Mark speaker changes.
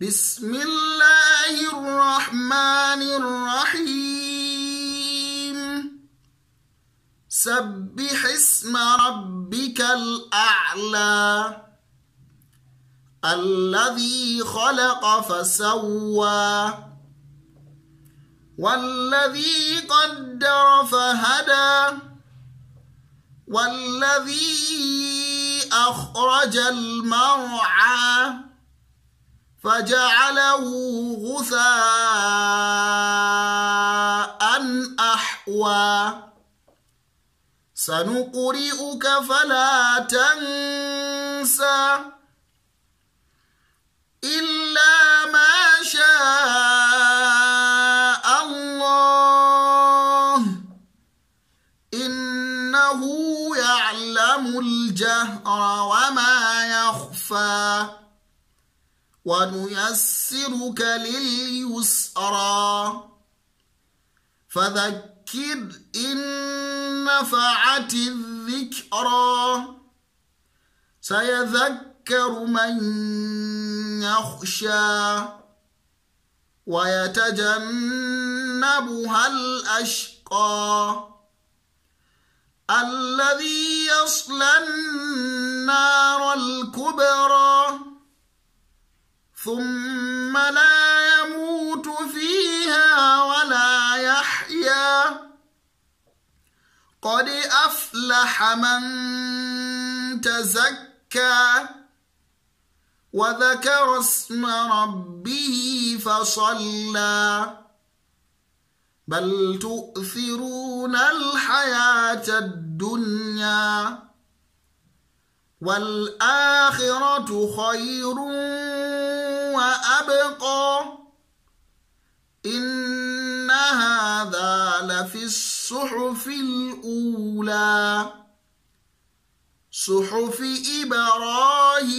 Speaker 1: بسم الله الرحمن الرحيم سبح اسم ربك الأعلى الذي خلق فسوى والذي قدر فهدى والذي أخرج المرعى فجعله غثاء أحوى سنقرئك فلا تنسى إلا ما شاء الله إنه يعلم الجهر وما يخفى ونيسرك لليسرى فذكر إن نفعت الذكرى سيذكر من يخشى ويتجنبها الأشقى الذي يصلى النار الكبرى ثم لا يموت فيها ولا يحيا قد أفلح من تزكى وذكر اسم ربه فصلى بل تؤثرون الحياة الدنيا والآخرة خير وأبقى إن هذا لفي الصحف الأولى صحف إبراهيم